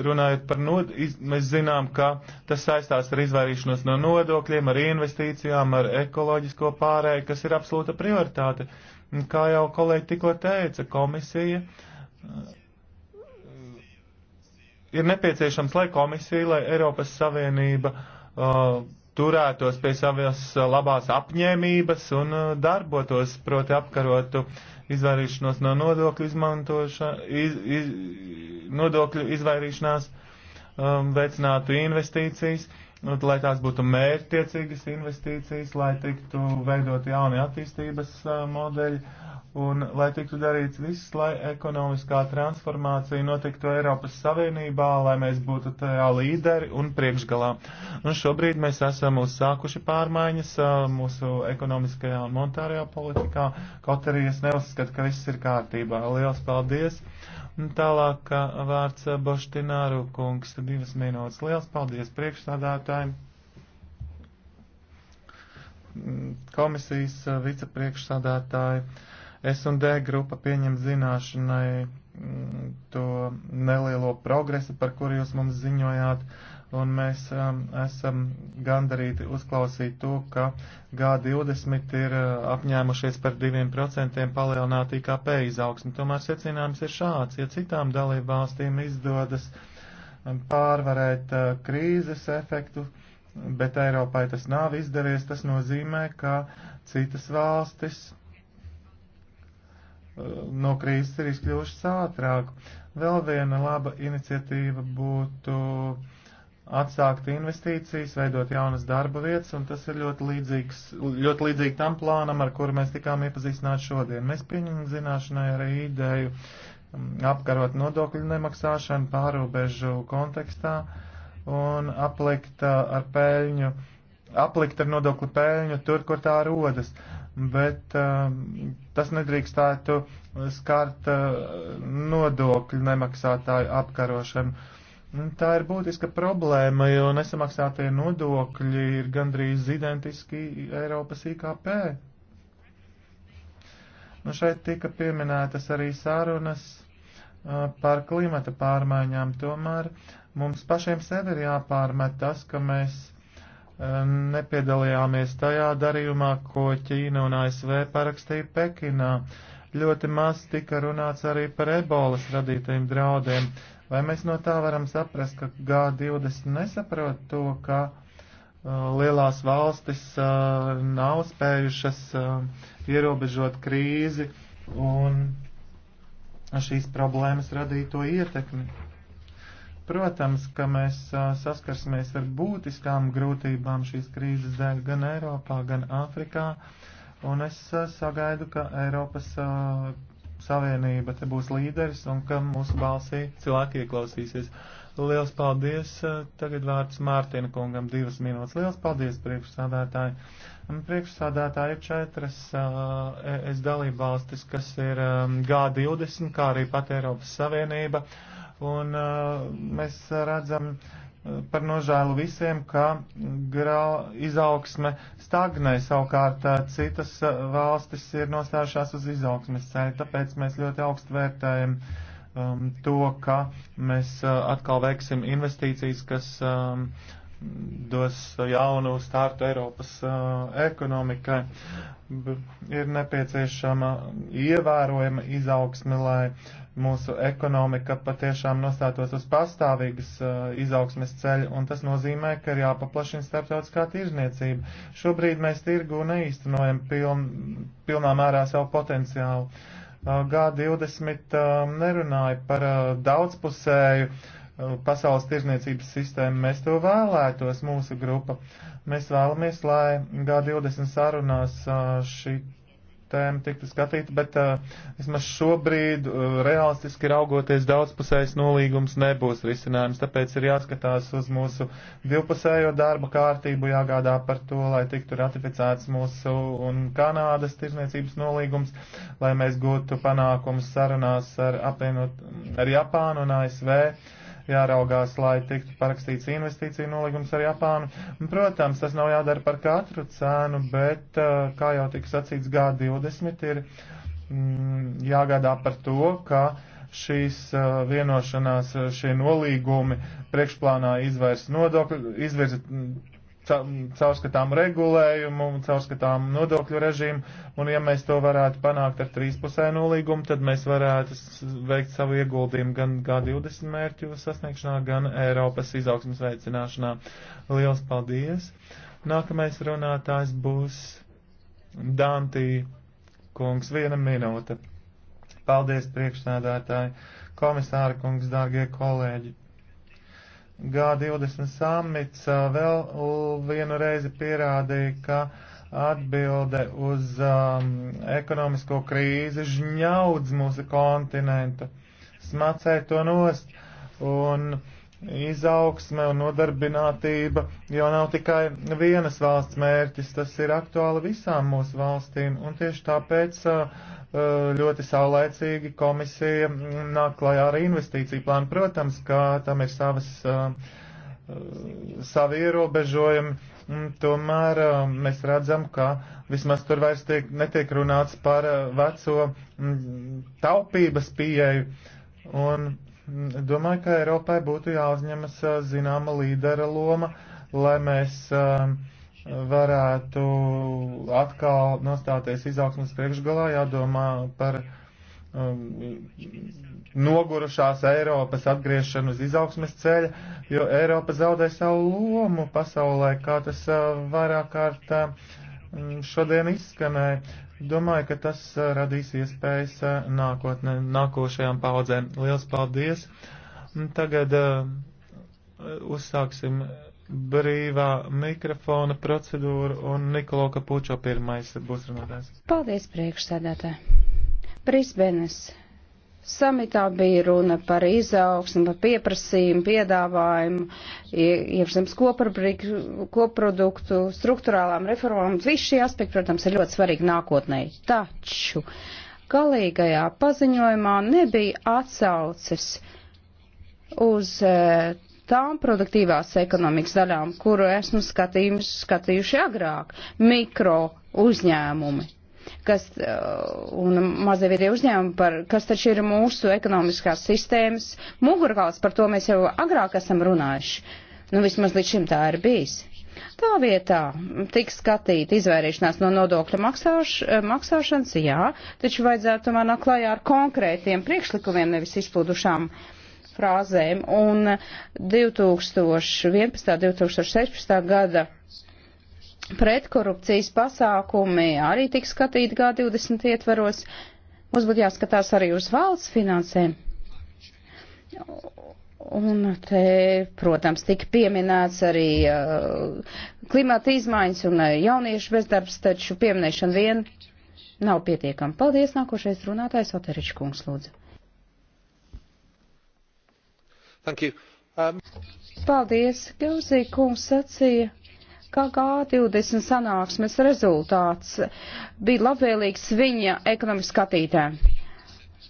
runājot par nod, iz, mēs zinām, ka tas saistās ar izvairīšanos no nodokļiem, ar investīcijām, ar ekoloģisko pārēju, kas ir absolūta prioritāte. Uh, Kā jau kolēģi tikko teica, komisija eh, ir nepieciešams, lai komisija, lai Eiropas Savienība uh, turētos pie savas labās apņēmības un uh, darbotos, proti apkarotu izvairīšanos no nodokļu izmantošanas, iz, iz, nodokļu izvairīšanās, um, veicinātu investīcijas. Uh, nu, lai tās būtu mērķtiecīgas investīcijas, lai tiktu veidot jauni attīstības uh, modeļi un lai tiktu darīts viss, lai ekonomiskā transformācija notiktu Eiropas Savienībā, lai mēs būtu tajā līderi un priekšgalā. Un nu, šobrīd mēs esam uzsākuši pārmaiņas uh, mūsu ekonomiskajā un monetārajā politikā, kaut arī es neuzskatu, ka viss ir kārtībā. Lielas paldies! Nu, tālāk vārds eh, Boštināru kungs, divas minūtes. Liels paldies priekšsādātājiem, mm, komisijas eh, vicepriekšsādātāji. S&D grupa pieņem zināšanai mm, to nelielo progresu, par kuru jūs mums ziņojāt. Uh, un mēs um, esam gandarīti uzklausīt to, ka G20 ir uh, apņēmušies par 2% palielināt IKP izaugsmi. Tomēr secinājums ir šāds, ja citām dalību valstīm izdodas um, pārvarēt uh, krīzes efektu, bet Eiropai tas nav izdevies, tas nozīmē, ka citas valstis uh, no krīzes ir izkļuvušas ātrāk. Vēl viena laba iniciatīva būtu uh, atsākt investīcijas, veidot jaunas darba vietas, un tas ir ļoti, līdzīgs, ļoti līdzīgi tam plānam, ar kuru mēs tikām iepazīstināti šodien. Mēs pieņemam zināšanai arī ideju um, apkarot nodokļu nemaksāšanu pārobežu kontekstā un aplikt uh, ar pēļņu, aplikt ar nodokļu pēļņu tur, kur tā rodas. Bet uh, tas nedrīkstētu skart uh, nodokļu nemaksātāju apkarošanu. Uh, Nu, tā ir būtiska problēma, jo nesamaksātie nodokļi ir gandrīz identiski Eiropas IKP. Nu, šeit tika pieminētas arī sārunas par klimata pārmaiņām. Tomēr mums pašiem sev ir jāpārmet tas, ka mēs nepiedalījāmies tajā darījumā, ko Ķīna un ASV parakstīja Pekinā. Ļoti maz tika runāts arī par ebolas radītajiem draudiem Vai mēs no tā varam saprast, ka G20 nesaprot to, ka uh, lielās valstis uh, nav spējušas uh, ierobežot krīzi un šīs problēmas radīto ietekmi? Protams, ka mēs saskarsimies ar būtiskām grūtībām šīs krīzes dēļ gan Eiropā, gan Āfrikā, un es sagaidu, ka Eiropas Savienība te būs līderis un ka mūsu balsī cilvēki ieklausīsies. Liels paldies! Tagad vārds Mārtiņa kungam divas minūtes. Liels paldies, priekšsādātāji! Priekšsādātāji ir četras es dalību valstis, kas ir G20, kā arī pat Eiropas Savienība. Un mēs redzam, uh, par nožēlu visiem, ka grau, izaugsme stagnē, savukārt eh, citas eh, valstis ir nostājušās uz izaugsmes ceļu, tāpēc mēs ļoti augstu vērtējam um, to, ka mēs uh, atkal veiksim investīcijas, kas um, uh, dos jaunu startu Eiropas uh, ekonomikai. B ir nepieciešama ievērojama izaugsme, lai mūsu ekonomika patiešām nostātos uz pastāvīgas uh, izaugsmes ceļa, un tas nozīmē, ka ir jāpaplašina starptautiskā tirzniecība. Šobrīd mēs tirgu neīstenojam piln, pilnā mērā savu potenciālu. Uh, G20 uh, nerunāja par uh, daudzpusēju uh, pasaules tirzniecības sistēmu, mēs to vēlētos, mūsu grupa. Mēs vēlamies, lai G20 sarunās šī tēma tiktu skatīta, bet vismaz šobrīd realistiski raugoties daudzpusējs nolīgums nebūs risinājums, tāpēc ir jāskatās uz mūsu divpusējo darba kārtību, jāgādā par to, lai tiktu ratificēts mūsu un Kanādas tirzniecības nolīgums, lai mēs gūtu panākumus sarunās ar apvienot, ar Japānu un ASV jāraugās, lai tiktu parakstīts investīciju nolīgums ar Japānu. Protams, tas nav jādara par katru cenu, bet, uh, kā jau tika sacīts, G20 ir mm, jāgādā par to, ka šīs uh, vienošanās, uh, šie nolīgumi priekšplānā izvērs nodokļu, izvirza caurskatām regulējumu, caurskatām nodokļu režīmu, un ja mēs to varētu panākt ar trīspusēju nolīgumu, tad mēs varētu veikt savu ieguldījumu gan G20 mērķu sasniegšanā, gan Eiropas izaugsmas veicināšanā. Liels paldies! Nākamais runātājs būs Dantī kungs, viena minūte. Paldies, priekšnādātāji, komisāra kungs, dārgie kolēģi! G20 samits vēl vienu reizi pierādīja, ka atbilde uz um, ekonomisko krīzi žņaudz mūsu kontinentu, smacē to nost. Un, uh, izaugsme un nodarbinātība jau nav tikai vienas valsts mērķis, tas ir aktuāli visām mūsu valstīm, un tieši tāpēc uh, uh, ļoti saulēcīgi komisija nāk klajā ar investīciju plānu. Protams, ka tam ir savas, uh, savi ierobežojumi, tomēr mēs redzam, ka vismaz tur vairs tiek, netiek runāts par veco mm, taupības pieeju. Un Mm, domāju, ka Eiropai būtu jāuzņemas zināma līdera loma, lai mēs varētu atkal nostāties izaugsmas priekšgalā, jādomā par nogurušās Eiropas atgriešanu uz izaugsmes ceļa, jo Eiropa zaudē savu lomu pasaulē, kā tas vairāk kārt šodien izskanēja. Domāju, ka tas radīs iespējas nākotnē, nākošajām paudzēm. Liels paldies! Tagad uzsāksim brīvā mikrofona procedūru un Nikolo Kapučo pirmais būs runātājs. Paldies, priekšsēdētāji! Brisbenes Samitā bija runa par izaugsmu, par pieprasījumu, piedāvājumu, iekšzemes koproduktu, struktūrālām reformām. Visi šie aspekti, protams, ir ļoti svarīgi nākotnē. Taču galīgajā paziņojumā nebija atsauces uz e, tām produktīvās ekonomikas daļām, kuru esmu skatījuši agrāk - mikro uzņēmumi kas, uh, un mazie vidie uzņēmumi, par, kas taču ir mūsu ekonomiskās sistēmas mugurkauls, par to mēs jau agrāk esam runājuši. Nu, vismaz līdz šim tā ir bijis. Tā vietā tiks skatīta izvairīšanās no nodokļa maksāš, eh, maksāšanas, jā, taču vajadzētu tomēr nāk klajā ar konkrētiem priekšlikumiem, nevis izplūdušām frāzēm. Un 2011. Eh, 2016. gada pretkorupcijas pasākumi arī tiks skatīti G20 ietvaros. Mums būtu jāskatās arī uz valsts finansēm. Un te, protams, tika pieminēts arī uh, klimata izmaiņas un uh, jauniešu bezdarbs, taču pieminēšana vien nav pietiekama. Paldies, nākošais runātājs Oteriča kungs, lūdzu. Um... Paldies, Gauzī kungs sacīja ka G20 sanāksmes rezultāts bija labvēlīgs viņa ekonomikas skatītēm.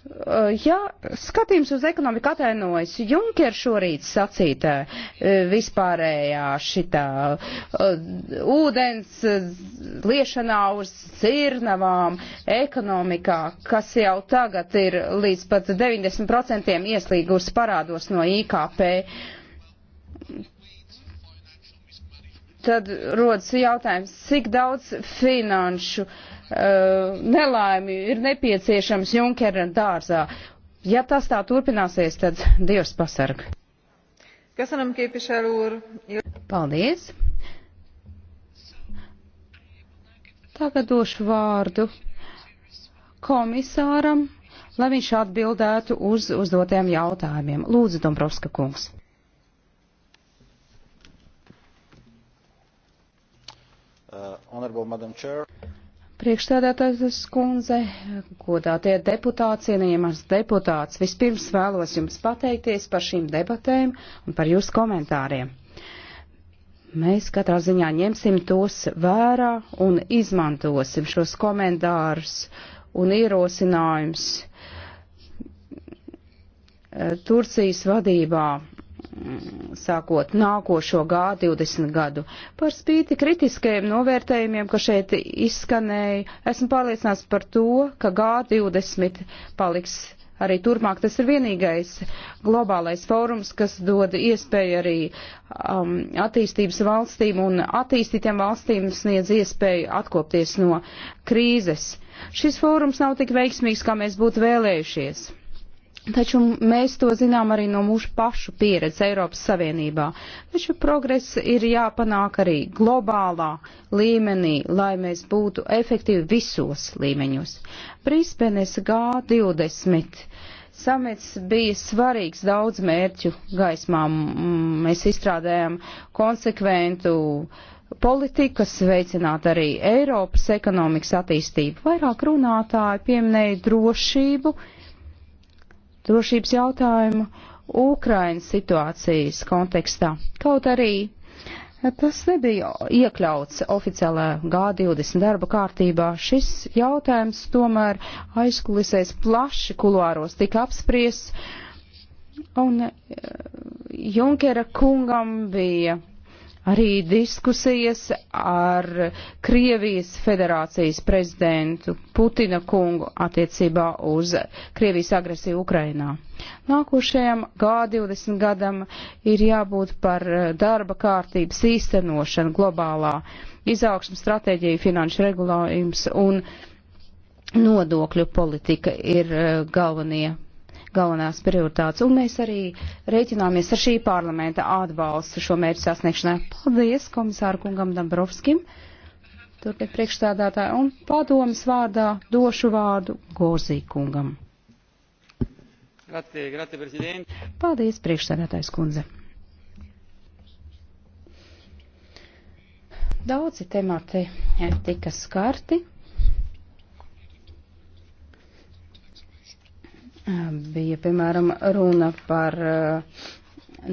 Uh, ja skatījums uz ekonomiku atainojas Junker šorīt sacītā uh, vispārējā šitā uh, ūdens liešanā uz cirnavām ekonomikā, kas jau tagad ir līdz pat 90% ieslīgus parādos no IKP, tad rodas jautājums, cik daudz finanšu uh, nelaimi ir nepieciešams Junkera dārzā. Ja tas tā turpināsies, tad Dievs pasarg. Paldies. Tagad došu vārdu komisāram, lai viņš atbildētu uz uzdotajiem jautājumiem. Lūdzu, Dombrovska kungs. Priekšstādātājs kundze, godātie deputāti, cienījamās deputāts, vispirms vēlos jums pateikties par šīm debatēm un par jūsu komentāriem. Mēs katrā ziņā ņemsim tos vērā un izmantosim šos komentārus un ierosinājums eh, Turcijas vadībā sākot nākošo G20 gadu. Par spīti kritiskajiem novērtējumiem, ka šeit izskanēja, esmu pārliecināts par to, ka G20 paliks arī turpmāk. Tas ir vienīgais globālais fórums, kas dod iespēju arī um, attīstības valstīm un attīstītiem valstīm sniedz iespēju atkopties no krīzes. Šis fórums nav tik veiksmīgs, kā mēs būtu vēlējušies Taču mēs to zinām arī no mūsu pašu pieredzes Eiropas Savienībā. Taču progress ir jāpanāk arī globālā līmenī, lai mēs būtu efektīvi visos līmeņos. Brisbenes G20 samets bija svarīgs daudz mērķu gaismā. Mēs izstrādājam konsekventu politiku, kas veicinātu arī Eiropas ekonomikas attīstību. Vairāk runātāji pieminēja drošību drošības jautājumu Ukrainas situācijas kontekstā. Kaut arī tas nebija iekļauts oficiālā G20 darba kārtībā, šis jautājums tomēr aizkulisēs plaši kuluāros tika apspriests. Un eh, Junkera kungam bija arī diskusijas ar Krievijas federācijas prezidentu Putina kungu attiecībā uz Krievijas agresiju Ukrainā. Nākošajam G20 gadam ir jābūt par darba kārtības īstenošanu globālā izaugsmu stratēģiju, finanšu regulējums un nodokļu politika ir eh, galvenie galvenās prioritātes, un mēs arī rēķināmies ar šī parlamenta atbalstu šo mērķu sasniegšanai. Paldies komisāru kungam Dambrovskim, turpēc priekšstādātāju, un padomas vārdā došu vārdu Gozī kungam. Grazie, grazie, Paldies, priekšstādātājs kundze. Daudzi temati tika skarti. Bija, piemēram, runa par eh,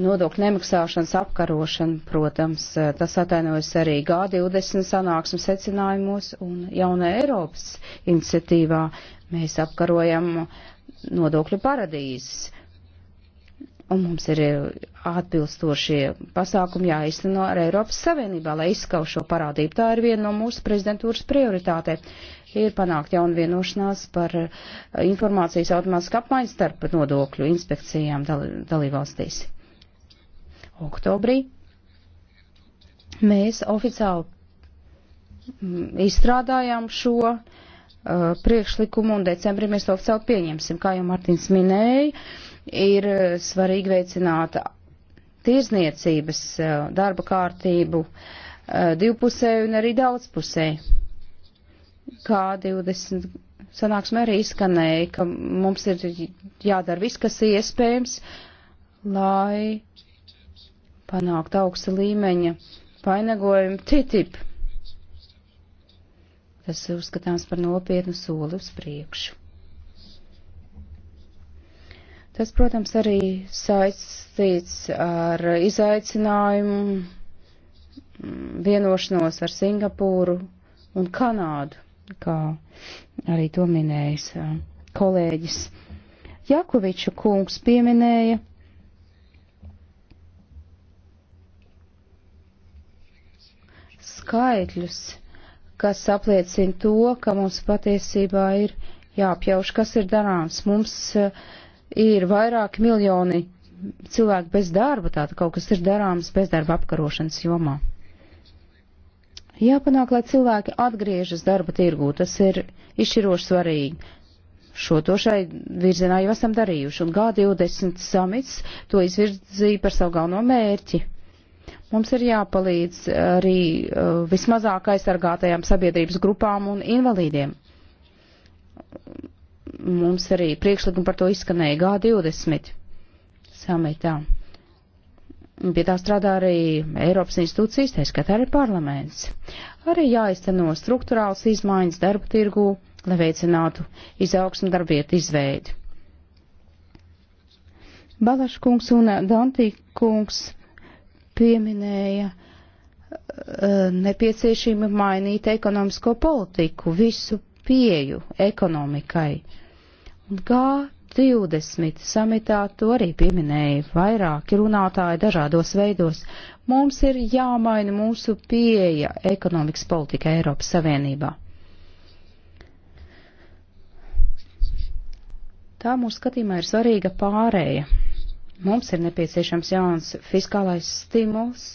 nodokļu nemaksāšanas apkarošanu, protams, eh, tas atainojas arī G20 sanāksmes secinājumos un jaunā Eiropas iniciatīvā. Mēs apkarojam nodokļu paradīzes. Un mums ir eh, atbilstošie pasākumi jāizteno ar Eiropas Savienībā, lai izskauž šo parādību. Tā ir viena no mūsu prezidentūras prioritātēm ir panākt jaunu vienošanās par eh, informācijas automātisku apmaiņu starp nodokļu inspekcijām dal dalībvalstīs. Oktobrī mēs oficiāli mm, izstrādājām šo uh, priekšlikumu un decembrī mēs to oficiāli pieņemsim. Kā jau Martins minēja, ir eh, svarīgi veicināt tirzniecības uh, darba kārtību uh, divpusēju un arī daudzpusēju K20 sanāksmē arī izskanēja, ka mums ir jādara viss, kas iespējams, lai panāktu augsta līmeņa vainagojumu TTIP. Tas ir uzskatāms par nopietnu soli uz priekšu. Tas, protams, arī saistīts ar izaicinājumu mm, vienošanos ar Singapūru un Kanādu kā arī to minējis kolēģis. Jakoviča kungs pieminēja skaitļus, kas apliecina to, ka mums patiesībā ir jāapjauš, kas ir darāms. Mums ir vairāki miljoni cilvēku bez darba, tātad kaut kas ir darāms bezdarba apkarošanas jomā. Jāpanāk, lai cilvēki atgriežas darba tirgū, tas ir izšķiroši svarīgi. Šo to šai virzienā jau esam darījuši, un G20 samits to izvirzīja par savu galveno mērķi. Mums ir jāpalīdz arī uh, vismazāk aizsargātajām sabiedrības grupām un invalīdiem. Mums arī priekšlikumi par to izskanēja G20 samitā. Pie tā strādā arī Eiropas institūcijas, tā skatā arī parlaments. Arī jāizteno struktūrāls izmaiņas darba tirgū, lai veicinātu izaugsmu darbvietu izveidi. Balaškungs un Dantīkungs pieminēja uh, nepieciešību mainīt ekonomisko politiku, visu pieju ekonomikai. Un kā G20 samitā to arī pieminēja vairāki runātāji dažādos veidos. Mums ir jāmaina mūsu pieeja ekonomikas politika Eiropas Savienībā. Tā mūsu skatījumā ir svarīga pārēja. Mums ir nepieciešams jauns fiskālais stimuls.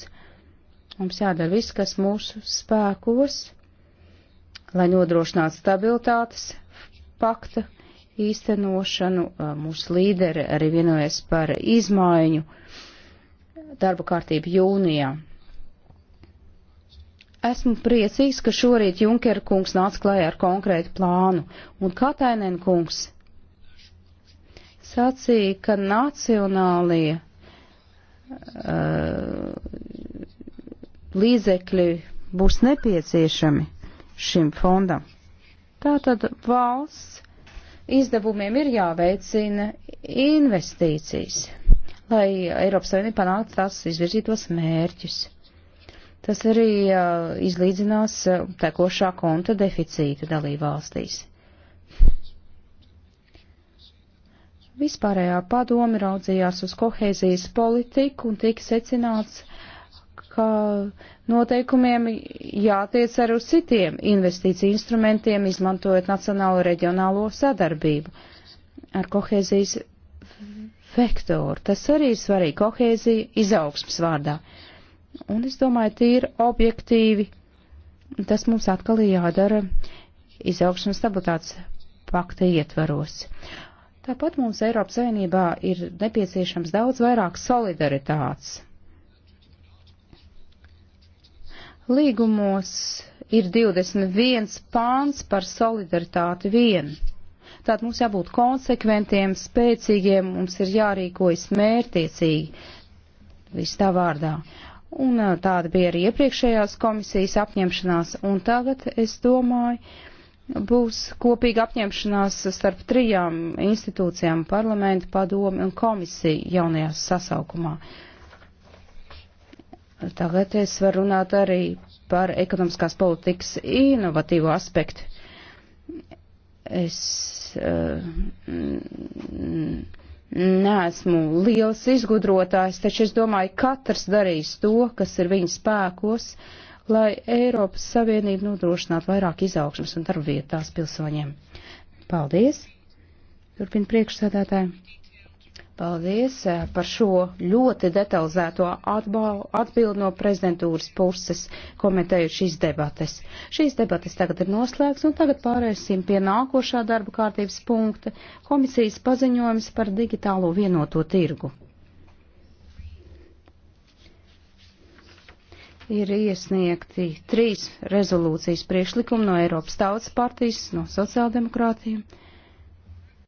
Mums jādara viss, kas mūsu spēkos, lai nodrošinātu stabilitātes pakta īstenošanu. Mūsu līderi arī vienojas par izmaiņu darba kārtību jūnijā. Esmu priecīgs, ka šorīt Junker kungs nāca klajā ar konkrētu plānu, un Katainen kungs sacīja, ka nacionālie uh, līdzekļi būs nepieciešami šim fondam. Tātad valsts izdevumiem ir jāveicina investīcijas, lai Eiropas Savienība panāktu tās izvirzītos mērķus. Tas arī uh, izlīdzinās uh, tekošā konta deficītu dalībvalstīs. Vispārējā padomi raudzījās uz kohēzijas politiku un tika secināts, ka noteikumiem jātiec arī uz citiem investīciju instrumentiem, izmantojot nacionālo reģionālo sadarbību ar kohēzijas vektoru. Tas arī ir svarīgi kohēzija izaugsmas vārdā. Un es domāju, tīri objektīvi tas mums atkal ir jādara izaugsmas stabilitātes pakta ietvaros. Tāpat mums Eiropas Savienībā ir nepieciešams daudz vairāk solidaritātes Līgumos ir 21 pāns par solidaritāti vien. Tātad mums jābūt konsekventiem, spēcīgiem, mums ir jārīkojas mērtiecīgi, viss tā vārdā. Un tāda bija arī iepriekšējās komisijas apņemšanās, un tagad, es domāju, būs kopīga apņemšanās starp trijām institūcijām - parlamentu, padomi un komisiju jaunajā sasaukumā. Uh, Tagad es varu runāt arī par ekonomiskās politikas inovatīvo aspektu. Es uh, neesmu liels izgudrotājs, taču es domāju, katrs darīs to, kas ir viņa spēkos, lai Eiropas Savienība nodrošinātu vairāk izaugsmas un darba vietās pilsoņiem. Paldies! Turpin priekšsēdētāji. Paldies eh, par šo ļoti detalizēto atbildi no prezidentūras puses, komentējot šīs debates. Šīs debates tagad ir noslēgts, un tagad pārēsim pie nākošā darba kārtības punkta - komisijas paziņojums par digitālo vienoto tirgu. Ir iesniegti trīs rezolūcijas priekšlikumi no Eiropas Tautas partijas, no sociāldemokrātiem